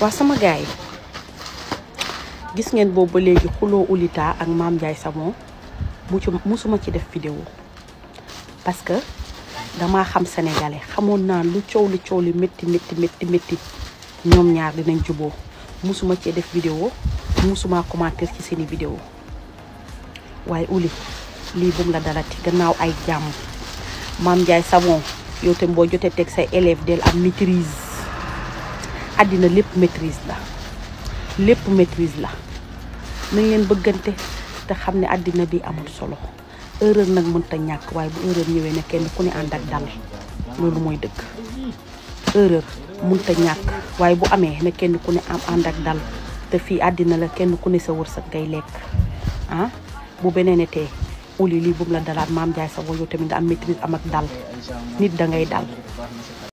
waa sama gars yi gis ngeen boobu ba léegi xuloo Oulita ak maam Ndiaye Savon mu ci musuma ci def vidéo parce que damaa xam sénégalais xamoon naa lu coow lu coow li métti métti métti métti ñoom ñaar dinañ juboo musuma ci def vidéo musuma commentaire ci seeni vidéo waaye uli lii bum la dalati gannaaw ay jàmm Mame Ndiaye Savon yow tam boo jotee teg say élève del am maîtrise àddina lépp maîtrise la lépp maîtrise la nañ leen bëggante te xam ne àddina bi amul solo erreur nag mënta ñàkk waaye bu erreur ñëwee ne kenn ku ne ànd ak dal loolu mooy dëgg erreur mënta ñàkk waaye bu amee ne kenn ku ne am ànd ak dal te fii àddina la kenn ku ne sa wërsëg ngay lekk ah bu beneen tee uli lii bu la dalaat maam jaay sa woyoo tamit nga am maîtrise am ak dal nit da dal